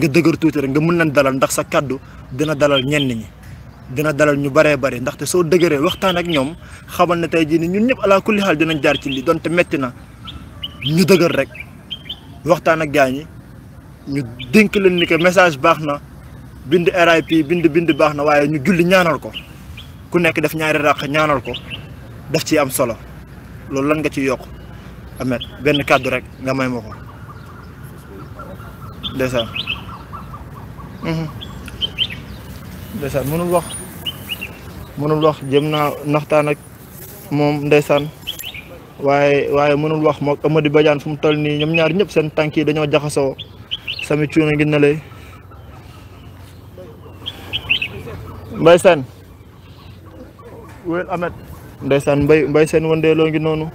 nga dëgër tuuti rek nga mën leen dalal ndax sa kàddu dina dalal ñenn ñi dina dalal ñu baree bari ndaxte soo dëgëree waxtaan ak ñoom xamal ne tey jii ni ñun ñëpp ala kulli xaal dinañ jaar ci lii donte metti na ñu dëgër rek waxtaan ak gaa ñi ñu dénk leen ni que message baax na bind RIP bind bind baax na waaye ñu julli ñaanal ko ku nekk def ñaari ràq ñaanal ko daf ci am solo loolu lan nga ci yokk Ameth benn kàddu rek nga may ma ko ndeysaan ndeysaan mënul wax mënul wax jëm naa naxtaan ak moom ndeysaan waaye waaye mënul wax mook amadi Badiane fu mu toll nii ñoom ñaar ñëpp seen tànk yi dañoo jaxasoo sami cuuna ngi ne lay mbay seen wéel amet ndeysaan mbay mbay seen wëndeeloo ngi noonu